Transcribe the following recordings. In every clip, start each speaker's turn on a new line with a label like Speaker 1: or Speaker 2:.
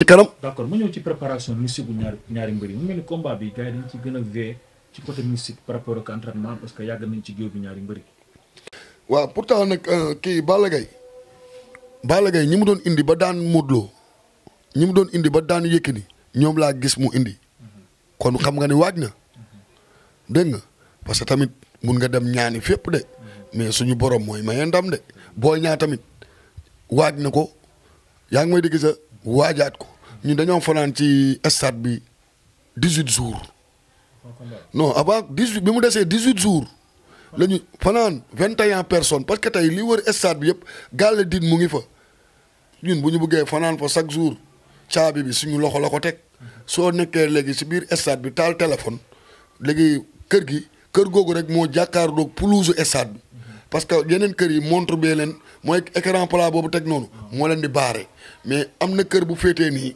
Speaker 1: ci kanam d'accord ma ñëw ci préparation mystique bu ñaari ñaari mbër yi mu mel ni ci gën a vee ci
Speaker 2: côté mystique par rapport ak entraînement parce que yàgg nañ ci géew bi ñaari mbër yi. waaw pourtant nag euh, kii Balla Gaye Balla Gaye ñi mu doon indi ba daan Modou Lo ñi mu doon indi ba daan yëkk ni ñoom laa gis mu indi mm-hmm. kon xam nga ni waaj na mm-hmm. dégg nga parce que tamit mun nga dem ñaani fépp de mm-hmm. mais suñu borom mooy maye ndam de boo ñaa tamit waaj na ko yaa ngi may dégg sa waajaat ko. ñun dañoo fanaan ci stade bi dix huit jour non avant dix huit bi mu desee dix huit jour la ñu fanaan vingt et un parce que tey lii wër stade bi yëpp gàll diin mu ngi fa. ñun bu ñu buggee fanaan fa chaque jour caabi bi suñu loxo la ko teg soo nekkee léegi si biir stade bi taal téléphone léegi kër gi kër googu rek moo jàkkaarloog pelouse stade bi parce que yeneen kër yi montre bee leen mooy écran plat boobu teg noonu moo leen di baare mais am na kër bu féetee nii.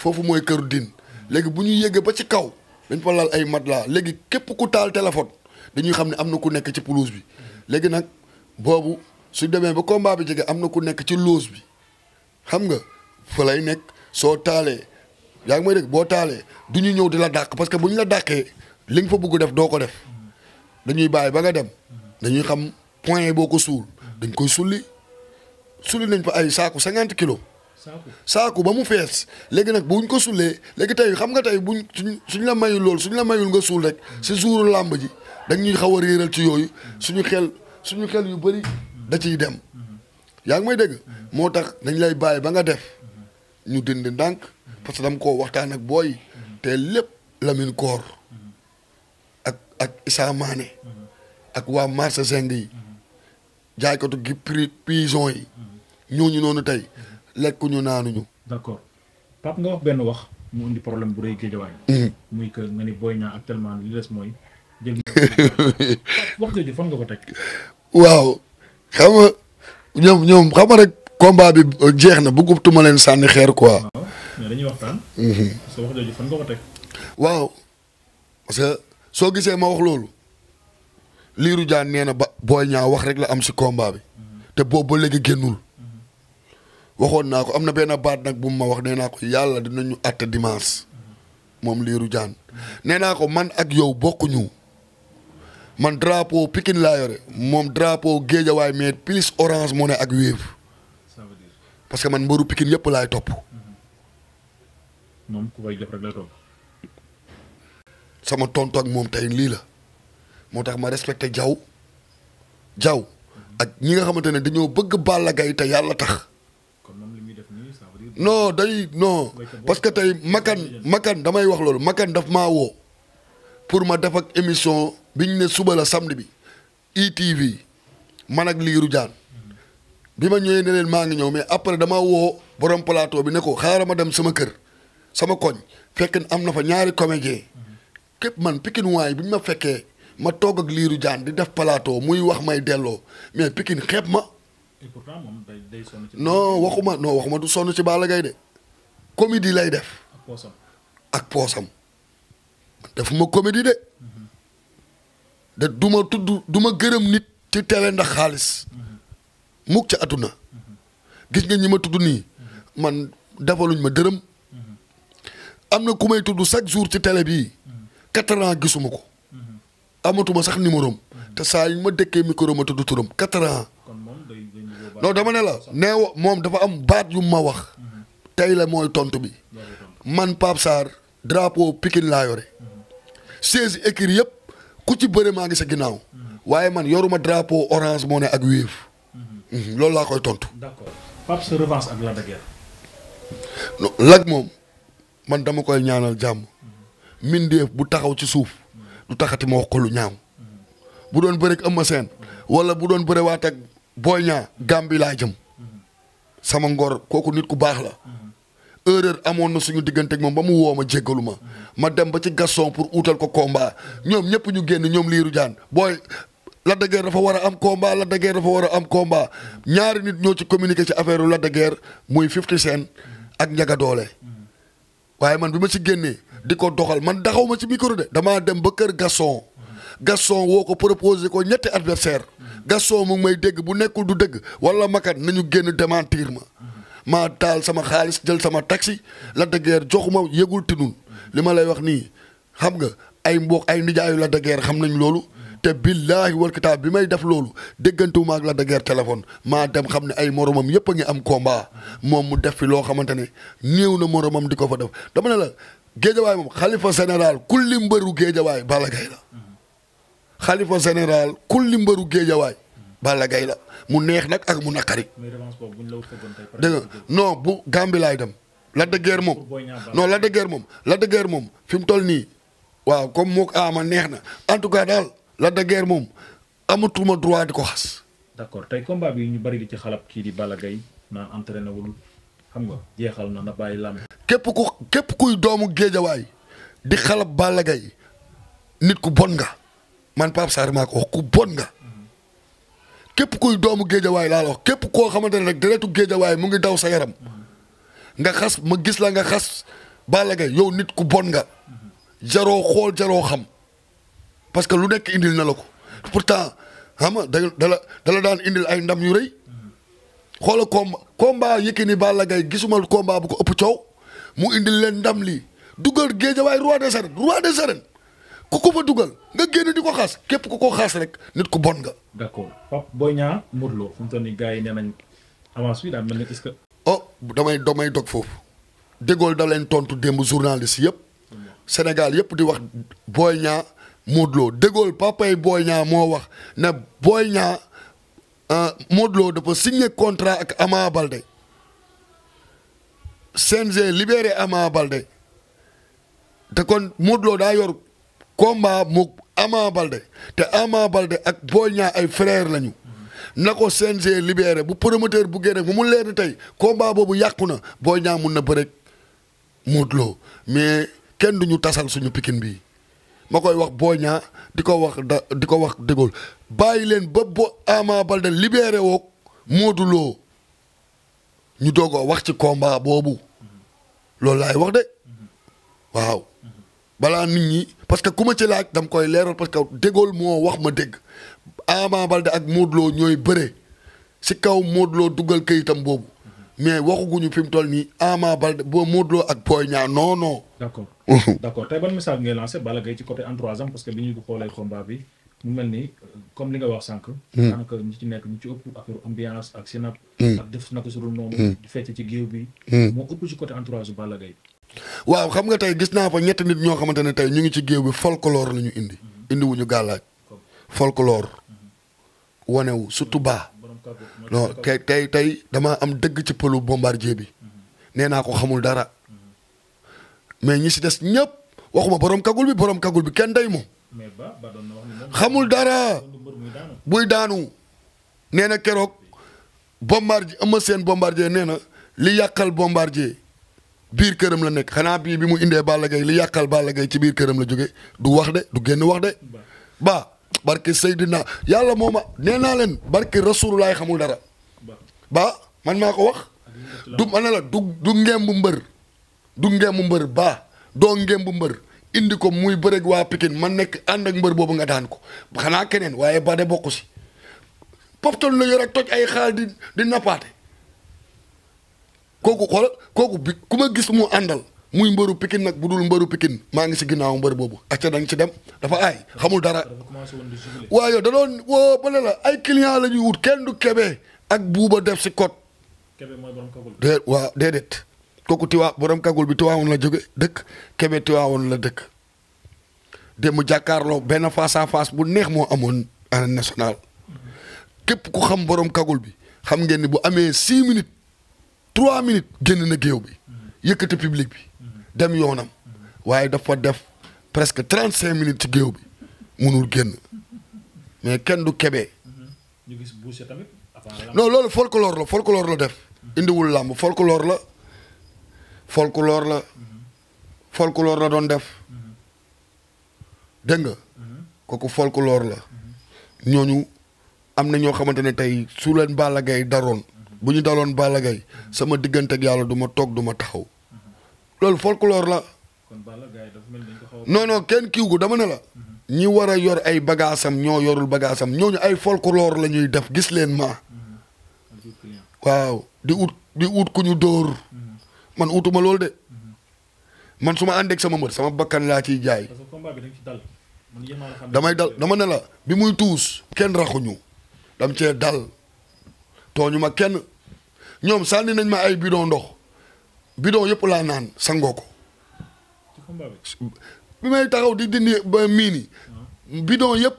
Speaker 2: foofu mooy kër diin léegi bu ñu yégee ba ci kaw dañ fa laal ay laa léegi képp ku taal téléphone dañuy xam ne am na ku nekk ci pelouse bi léegi nag boobu su demee ba combat bi jege am na ku nekk ci loose bi xam nga fa lay nekk soo taalee yaa ngi may dégg boo taalee du ñu ñëw di la dàq parce que bu ñu la dàqee li nga fa bëgg def doo ko def dañuy bàyyi ba nga dem dañuy xam point boo ko suul dañ koy sulli sulli nañ fa ay saaku cinquante kilos saaku ba mu fees léegi nag buñ ko sulee léegi tey xam nga tey buñ suñ suñ la mayul loolu suñ la mayul nga suul rek si suuru làmb ji dañ ñuy xaw a réeral ci yooyu suñu xel suñu xel yu bëri da ciy dem yaa ngi may dégg moo tax dañ lay bàyyi ba nga def ñu dindi ndànk parce que dama koo waxtaan ak booy te lépp Lamine Koor ak ak Issa ak waa marché Zeng yi jaaykatu gi prix prison yi ñooñu noonu tey lekku ñu naanuñu. d'accord
Speaker 1: Pape nga wax benn wax mu indi problème bu rëy géejawaay. Mhm. muy que nga ni Boy Niang actuellement li des mooy. wax jooju fan nga ko teg.
Speaker 2: waaw xam a ñoom ñoom xam nga rek combat bi jeex na bëggatuma leen sànni xeer quoi. waaw mais dañuy waxtaan. Mhm.
Speaker 1: parce que wax jooju fan nga ko teg.
Speaker 2: waaw parce que soo gisee ma wax loolu. liiru Diane nee ba Boy ñaa wax rek la am si combat bi. Mhm. te boobu ba léegi génnul. waxoon naa ko am na benn baat nag bu mu ma wax nee naa ko yàlla ñu àtte dimanche moom liiru jaan nee naa ko man ak yow bokkuñu man drapeau Pikine laa yore moom drapeau Géejawaay mais plus orange moo ne ak wéev parce que man mbaru pikin yëpp laay topp. moom ku sama tontu moom tey lii la moo tax ma respecté jaw jaw ak ñi nga xamante ne dañoo bëgg Balla Gaye te yàlla tax. no day no parce que tey Makan Makan damay wax loolu Makan daf maa woo pour ma def ak émission biñ ne suba la samedi bi ITV e man ak liiru Diane bi ma ñëwee ne leen maa ngi ñëw mais après dama woo borom plateau bi ne ko xaaral ma dem sama kër sama koñ fekk am na fa ñaari comédien képp man Pikine waay bi ñu ma fekkee ma toog ak liiru Diane di def plateau muy wax may delloo mais Pikine xeeb ma.
Speaker 1: et pourtant moom day sonn ci.
Speaker 2: non waxuma non waxuma du sonn ci Balla Gaye de comédie lay def. ak poosam ak poosam defuma comédie de. Mhm. de du tudd du ma gërëm nit ci télé ndax xaalis. Mhm. mukk ci àdduna. Mhm. gis nga ñi ma tudd nii. man defaluñ ma dërëm. am na ku may tudd chaque jour ci tele bii. quatre ans gisuma ko. amatuma sax numéro am te saa yu ma dëkkee micro ma tudd turam quatre non dama ne la neew moom dafa am baat yu ma wax tey la mooy tontu bi man Pape Sarr drapeau Pikine laa yore seize écuries yëpp ku ci bëre maa ngi sa ginnaaw waaye man yoruma drapeau orange moo ne ak wéef mhm, loolu laa koy tontu. d'accord Pape sa revanche ak Lac de moom man dama koy ñaanal jàmm. mindeef bu taxaw ci suuf du taxati ma wax ko ñaaw. bu doon bëreeg Eumeu Sène wala bu doon bëreewaat ak. ñaa Niang bi laa jëm sama ngor kooku nit ku baax la erreur amoon na suñu diggante moom ba mu woo ma jéggalu ma ma dem ba ci Gaston pour uutal ko combat ñoom ñëpp ñu génn ñoom liiru jaan booy Lac de Guiers dafa war a am combat Lac de Guiers dafa war a am combat ñaari nit ñoo ci communiqué ci affaire Lac de muy Fifty Cent ak Ndiaga Dollé waaye man bi ma ci génnee di ko doxal man daxaw ma ci micro de damaa dem ba kër Gaston Gaston woo ko proposé ko ñetti adversaire Gaston mu may dégg bu nekkul du dégg wala makat nañu génn démentir ma maa taal sama xaalis jël sama taxi la dëggeer joxuma yëgul tinul li ma lay wax nii xam nga ay mbokk ay nijaayu la dëggeer xam nañ loolu te billaahi wal kitaab bi may def loolu déggantewuma ak la dëggeer téléphone maa dem xam ne ay moromam yëpp a ngi am combat moom mu def fi loo xamante ne néew na moromam di ko fa def dama ne la géejawaay moom xalifa général kulli mbëru géejawaay Balla Gaye la xalifa général kulli mbëru géejawaay Balla Gaye la mu neex nag ak mu naqari. dégg nga bu Gàmbi laay dem. la de Guiers moom non la de moom Lac de moom fi mu toll nii waaw comme mook ama neex na en tout cas daal la de Guiers moom amatuma droit di ko xas.
Speaker 1: d'accord tey combat ñu
Speaker 2: bari di ci xalab di Balla Gaye naan xam nga jeexal na na képp kuy doomu géejawaay di xalab Balla Gaye nit ku bon nga. man Pape Sarr maa ko ku bon nga képp kuy doomu géejawaay laa la wax képp koo xamante ne rek deretu géejawaay mu ngi daw sa yaram nga xas ma gis la nga xas Balla Gaye yow nit ku bon nga jaroo xool jaroo xam parce que lu nekk indil na la ko pour xam nga da dala dala daan indil ay ndam yu rëy xoola combat combat Yékini Balla Gaye gisuma combat bu ko ëpp coow mu indil leen ndam lii dugal géejawaay roi des arènes roi des arènes ku ko fa dugal nga génn di ko xaas képp ku ko xas rek nit ku bon nga. d' accord Pape yi nee nañ avance que. oh damay dog foofu déggoo da leen tontu démb journaliste yëpp Sénégal yëpp di wax Boy Niang Modou Lo déggoo papay Boy Niang moo wax ne Boy Niang euh, Modou Lo dafa signé contrat ak Ama Balde CNG libéré Ama Balde te kon Modou daa yor. combat mu Ama Balde te Ama Balde ak Boy ñaa ay frère lañu. na ko CNG libéré bu promoteur buggee rek bu mu leen tey combat boobu yàqu na Boy Niang mun na bëre Modou Lo mais kenn du ñu tasal suñu pikin bii ma koy wax Boy Niang di ko wax da di ko wax déggool bàyyi leen ba bo Ama Balde libéré woog Modou Lo ñu doogoo wax ci combat boobu loolu laay wax de waaw balaa nit ñi. parce que ku ma ci laaj dam koy leeral parce que dégool moo wax ma dégg Ama Baldé ak Modou Lo ñooy bëre si kaw Modou Lo duggal këyitam boobu mais waxuguñu fi mu toll nii Ama Baldé boo Modou Lo ak Boy Niang non non.
Speaker 1: d'accord d'accord tey ban message ngay lancé Balla Gaye ci côté entourage am parce que bi ñu xoolee combat bi mu mel ni euh, comme li ngay wax sànq. Hmm. daanaka ñi ci nekk ñu ci ëpp affaire ambiance ak synap. Hmm. ak def naka su dul noonu. Hmm. di fecc ci géew bi. moo ëpp ci côté entourage bu Balla Gaye
Speaker 2: waaw xam nga tey gis naa fa ñett nit ñoo xamante ne tey ñu ngi ci géew bi folklore la ñu indi. Mm-hmm. indi wuñu gàllaaj folklore mm-hmm. wane wu surtout baa.
Speaker 1: Mm-hmm.
Speaker 2: non tey tey damaa am dëgg ci pëlu bombardier bi nee naa ko xamul dara mais ñi si des ñëpp waxuma borom kagul bi borom kagul bi kenn day moom xamul dara buy daanu nee na keroog bombardier am seen bombardier nee na li yàqal bombardier. biir këram la nekk xanaa bii bi mu indee Balla gay li yàqal Balla Gaye ci biir këram la jóge du wax de du génn wax de ba barke Seydina yàlla moo ma nee naa leen barke Rasulullah xamul dara ba man naa ko wax du ma ne du du mbër du ngemb mbër ba doo ngemb mbër indi ko muy bëreeg waa Pikine man nekk ànd ak mbër boobu nga daan ko xanaa keneen waaye ba de bokku si poptal la yor ak toj ay xaal di di nappaate kooku xoolal kooku bi ku ma gis mu àndal muy mbëru pikin nag bu dul mbëru pikin maa ngi si ginnaaw mbër boobu acca dañ ci dem dafa aay xamul dara waaw yow da doon woo ba ne la ay client la ñuy wut kenn du kebe ak buuba def si kot
Speaker 1: waa
Speaker 2: waaw déedéet kooku tiwaa borom kagul bi tiwaawoon la jóge dëkk kebe tiwaawoon la dëkk mu jàkkaarloo benn face à face bu neex moo amoon arène nationale mm-hmm. képp ku xam borom kagul bi xam ngeen ni bu amee six minutes trois minutes génn na géew bi yëkkati public bi dem yoonam waaye dafa def presque trente cinq minutes ci géew bi munul génn mais kenn du kebee
Speaker 1: ñu gis boucher tamit.
Speaker 2: non loolu folklore la folklore la def. indiwul làmb folklore la folklore la folklore la doon def dégg nga kooku folklore la ñooñu am na ñoo xamante ne tey su leen Balla Gaye daroon. bu ñu daloon Balla sama diggante yàlla du ma toog duma taxaw loolu folklore la. kon Balla Gaye ko kenn kiiw gu dama ne la. ñi war a yor ay bagaasam ñoo yorul bagaasam ñooñu ay folklore la ñuy def gis leen ma waaw di ut di ut ku ñu dóor. man utuma loolu de. man su ma àndeeg sama mbër sama bakkan laa ciy jaay. damay dal dama ne la bi muy tuus kenn raxuñu dam cee dal. tooñu ma kenn ñoom sànni nañ ma ay bidon ndox bidon yëpp laa naan sangoo ko bi may taxaw di dindi ba miini bidon yëpp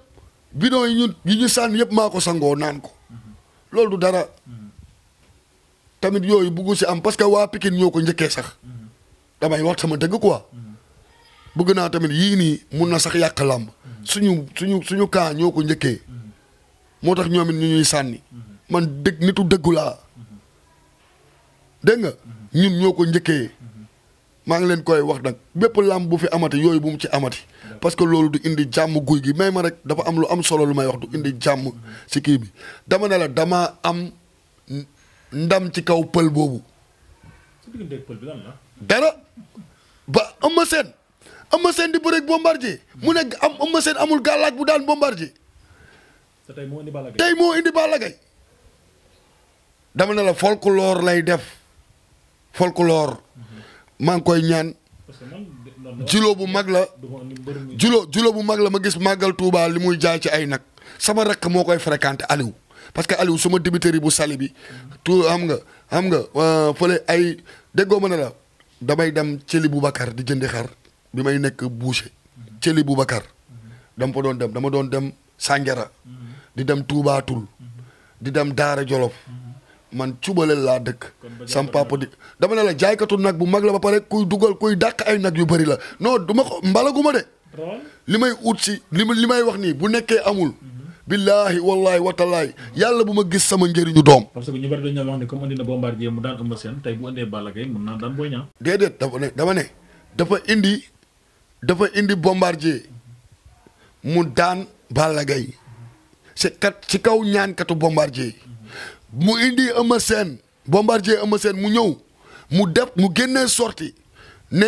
Speaker 2: bidon yi ñu yi ñu sànni yëpp maa ko sangoo naan ko loolu dara tamit yooyu buggu si am parce que waa Pikine ñoo ko njëkkee sax damay wax sama dëgg quoi bëgg naa tamit yii nii mun na sax yàq làmb suñu suñu suñu kaa ñoo ko njëkkee moo tax ñoom it ñu ñuy sànni man dégg nitu déggu laa dégg nga mhm. ñun ñoo ko njëkkee mhm. maa ngi leen koy wax nag bépp làmb bu fi amati yooyu bu mu ci amati parce que loolu du indi jàmm guy gi may ma rek dafa am lu am solo lu may wax du indi jàmm si mhm. kii bi dama ne la damaa am ndam ci kaw pël boobu dara ba Eumeu Sène Eumeu Sène di bëreeg Bombardier mu nekk am Eumeu Sène amul gàllaaj bu daan ji tey moo indi Balla Gaye dama ne la folklore lay def folklore maa ngi koy ñaan julo bu mag la julo julo bu mag la ma gis màggal Touba li muy jaay ci ay nag sama rakk moo koy fréquenté Aliou parce que Aliou suma dibiteri bu sali bi tu am nga am nga euh, fële ay déggoo ma ne la damay dem cëli bu bakar di jëndi xar bi may nekk boucher cëli Boubacar dama fa doon dem dama doon dem Sandiara mm-hmm. di dem Touba Toul mm-hmm. di dem Daara Jolof mm-hmm. man cubaleel laa dëkk sam papa di dama ne la jaaykatu nag bu mag la ba pare kuy dugal kuy dàq ay nag yu bëri la non du ma ko mbalaguma de li may ut si li li may wax nii bu nekkee amul mhm. billaahi wallaahi watalaay yàlla bu ma gis sama njëriñu doom. parce que ñu bari dañu wax ne comme andi na bombardier mu daan Eumeu Sène tey bu andee Balla Gaye mën naa daan Boy Niang. déedéet dafa ne dafa indi dafa indi bombardier mu daan Balla Gaye si kat si kaw ñaankatu bombardier. mu indi Eumeu Sène bombardier Eumeu Sène mu ñëw mu def mu génnee sorti ne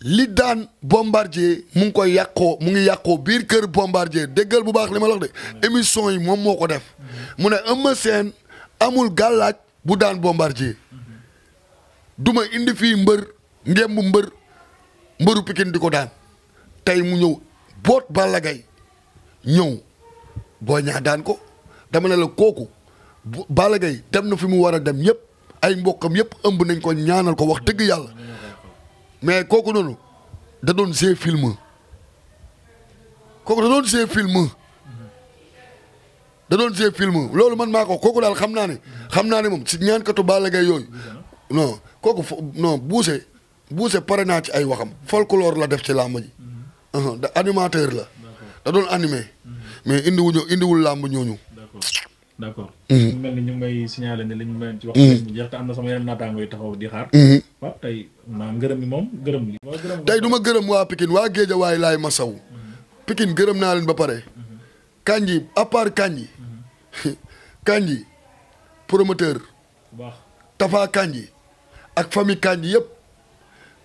Speaker 2: li daan bombardier mu ngi koy yàqoo mu ngi yàqoo biir kër bombardier déggal bu baax li ma la wax de émission yi moom moo ko def mu ne Eumeu Sène amul gàllaaj bu daan bombardier du ma indi fii mbër ngemb mbër mbëru Pikine di ko daan tey mu ñëw boot Balla ñëw boo ñaa daan ko dama ne la kooku Balla gay dem na fi mu war a dem yëpp ay mbokkam yëpp ëmb nañ ko ñaanal ko wax dëgg yàlla mais kooku noonu da doon see film kooku da doon see film da doon see loolu man maa ko kooku daal xam naa ne xam naa ne moom si ñaankatu Balla gay yooyu non kooku non buuse buuse pare naa ci ay waxam folklore la def ci làmb ji mhm. uh-huh, da animateur la da doon animé mhm. mais indiwuñu indiwul làmb ñooñu d' accord. ñu mhm. mel ni ñu
Speaker 1: ngay wax. Mhm. mu jeex te am na taxaw di xaar. Mhm. waaw tey naa
Speaker 2: ngërëm mi moom gërëm li. tey gërëm waa Pikine waa Géejawaay laay ma saw. gërëm naa leen ba pare. kànji à part Kandji. Kandji promoteur. waaw Tafa Kandji ak famille Kandji yëpp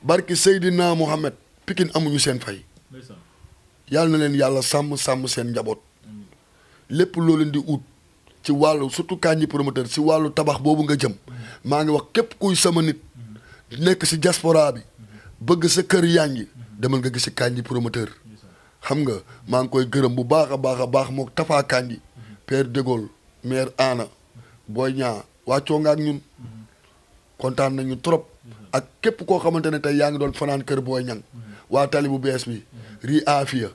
Speaker 2: barki Seydina Mohamed pikin amuñu seen fay. yàlla na leen yàlla sàmm sàmm seen njaboot lépp loolu leen di ut. ci wàllu surtout Kandji promoteur si wàllu tabax boobu nga jëm maa ngi wax képp kuy sama nit nekk si diaspora bi bëgg sa kër yaa ngi demal nga gis si Kandji promoteur xam nga maa ngi koy gërëm bu baax a baax a baax moog Tafa Kandji père de Gaulle maire Anna booy ñaa wàccoo nga ak ñun kontaan nañu trop ak képp koo xamante ne tey yaa ngi doon fanaan kër booy ñang waa tali bu bees bi ri afia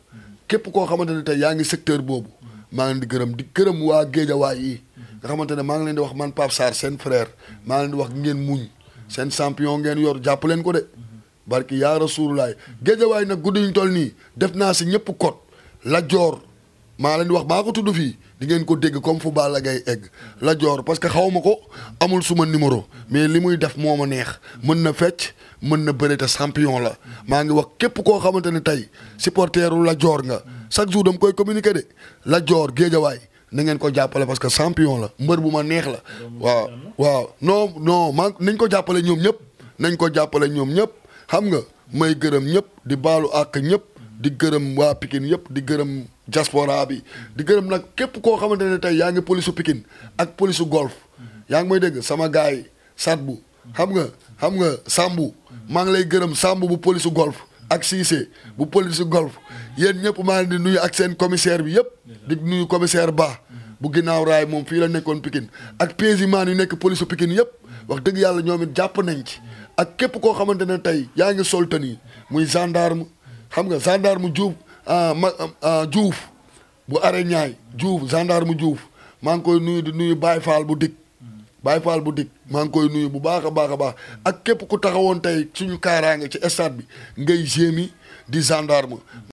Speaker 2: képp koo xamante ne tey yaa ngi secteur boobu maa ngi leen di gërëm di gërëm waa géejawaay yi nga xamante ne maa ngi leen di wax man Pape Sarr seen frère maa ngi leen di wax ngeen muñ seen champion ngeen yor jàpp leen ko de barki yaa rasuululaay géejawaay nag guddi toll nii def naa si ñëpp kot la joor maa leen di wax maa ko tudd fii di ngeen ko dégg comme fu Balla Gaye egg lajoor parce que xaw ma ko amul suma numéro mais li muy def moo a neex mën na fecc mën na bëre te champion la maa ngi wax képp koo xamante ne tey supporteru la joor nga chaque jour dama koy communiquer de Lat Dior Géejawaay na ngeen ko jàppale parce que champion la mbër bu ma neex la. waaw waaw non non man nañ ko jàppale ñoom ñëpp. nañ ko jàppale ñoom ñëpp xam nga may gërëm ñëpp di baalu àq ñëpp di gërëm waa pikin yëpp di gërëm diaspora bi di gërëm nag képp koo xamante ne tey yaa ngi polisu Pikine ak polisu golf yaa ngi may dégg sama gars yi Sadbu xam nga xam nga sàmbu maa ngi lay gërëm Sambu bu polisu golf ak Cissé bu polisu golf. yéen ñëpp maa ngi di nuyu ak seen commissaire bi yëpp di nuyu commissaire baax mhm. bu ginnaaw raay moom fii la nekkoon Pikine mhm. ak paysiman yu nekk police pikin Pikine yëpp mhm. wax dëgg yàlla ñoom it jàpp nañ ci ak képp koo xamante ne tey yaa ngi sol tenue muy gendarme xam nga gendarme Diouf ah, ma ah, ah, Diouf bu are ñaay Diouf gendarme Diouf maa ngi koy nuyu di nuyu baay Fall bu dikk Baye Fall bu dikk maa ngi koy nuyu bu baax a baax a baax ak képp ku taxawoon tey suñu kaaraange ci stade bi ngay jéemi di gendarme